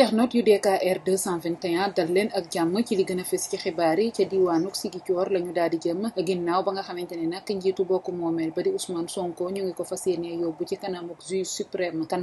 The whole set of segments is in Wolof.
internet yu DKR 221 ci a fës ci xibaar yi ca diwaanu Sigicoor la ñu daal di jëm ginnaaw ba nga xamante ne nag njiitu bokk moomeel ba di Ousmane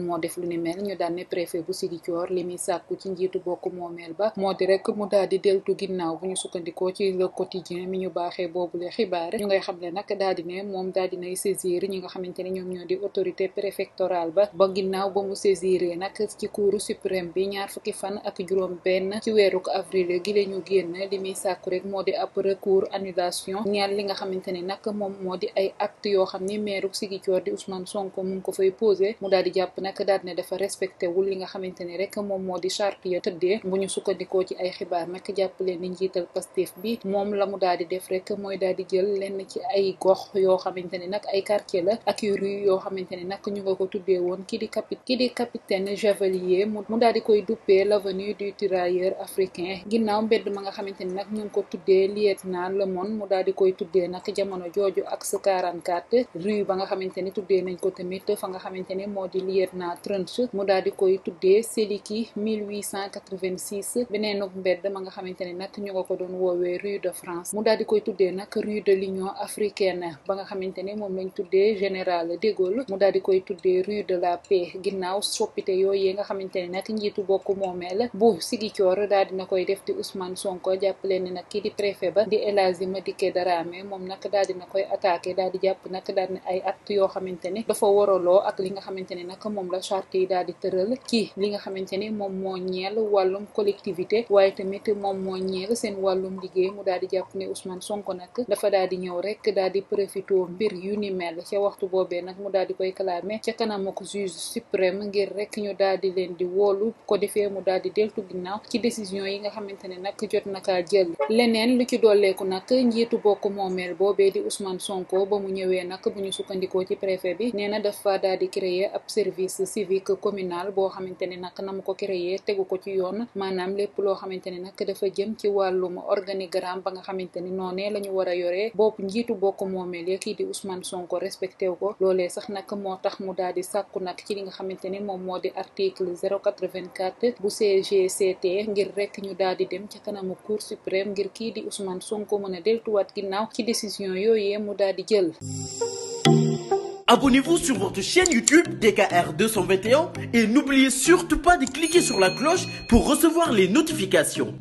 moo def lu ni mel ñu daal ne préfet bu Sigicoor li muy sàkku ci njiitu bokk moomeel ba moo di mu daal deltu ginnaaw bu ñu sukkandikoo ci le quotidien mi ñu baaxee boobule xibaar ñu ngay xam ne nag daal di ne moom daal di nay saisir ñi nga xamante ne ñoom ñoo di autorité préfectorale ba ba ginnaaw ba mu saisiree nag ci cour suprême bi ñaar ñaar fukki fan ak juróom benn ci weeruk avril gi la ñu génn li muy sàkku rek moo di ab recours annulation ñeel li nga xamante ni nag moom moo di ay acte yoo xam ni meeruk Sigicoor di Ousmane Sonko mu ngi ko fay posé mu daal di jàpp nag daal ne dafa respecté wul li nga xamante ni rek moom moo di charte ya tëddee bu ñu sukkandikoo ci ay xibaar nag jàpp leen ni njiital Pastef bi moom la mu daal di def rek mooy daal di jël lenn ci ay gox yoo xamante ni nag ay quartier la ak rue yoo xamante ni nag ñu nga ko tuddee woon ki di capit ki di capitaine Javelier duppee l'avenue du tirailleur africain ginnaaw mbedd ma nga xamante ni nag ñu ngi ko tuddee lieutenant Lemon mu daal di koy tuddee nag jamono jooju axe 44 rue ba nga xamante ni tuddee nañ ko tamit fa nga xamante ni moo di lieutenant Trench mu daal di koy tuddee Seliki 1886 beneen mbedd ma nga xamante ni nag ñu nga ko doon woowee rue de mu daal di koy tuddee nag rue de l'Union africaine ba nga xamante ni moom lañ tuddee général de Gaulle mu daal di koy tuddee rue de la paix ginnaaw soppite yooyu nga xamante ni njiitu boobu bokk moomeel bu Sigicoor daal dina koy def di Ousmane Sonko jàppale ni nag kii di préfet ba di El Hadji Madické Darame moom nag daal dina koy attaqué daal di jàpp nag daal di li tëral kii li nga xamante moom moo ñeel wàllum collectivité waaye tamit moom moo ñeel seen wàllum liggéey mu daal di jàpp ne Ousmane Sonko nag dafa daal di ñëw rek daal di profité mbir yu ni mel ca waxtu boobee nag mu daal di koy clamé ca kanam ak juge suprême ngir rek ñu daal defee mu daal di deltu ginnaaw ci décision yi nga xamante ne nag jot na kaa jël leneen lu ci dooleeku nag njiitu bokk moomeel boobee di Ousmane Sonko ci préfet bi nee na dafa daal di créer ab service civique communal boo xamante ne nag na mu ko créer tegu ci yoon maanaam lépp loo xamante ne nag dafa jëm ci wàllum organigramme ba nga xamante ni noonee la a yoree boobu njiitu bokk moomeel ya kii di Ousmane Sonko respecté wu ko loolee sax nag moo tax mu daal di sàkku nag ci li nga xamante moom moo di article 084 date bu CGCT ngir rek ñu daal di dem ca kanamu cour suprême ngir kii di Ousmane Sonko mën a deltuwaat ginnaaw ci décision yooyee mu daal di jël. Abonnez-vous sur votre chaîne YouTube DKR 221 et n'oubliez surtout pas de cliquer sur la cloche pour recevoir les notifications.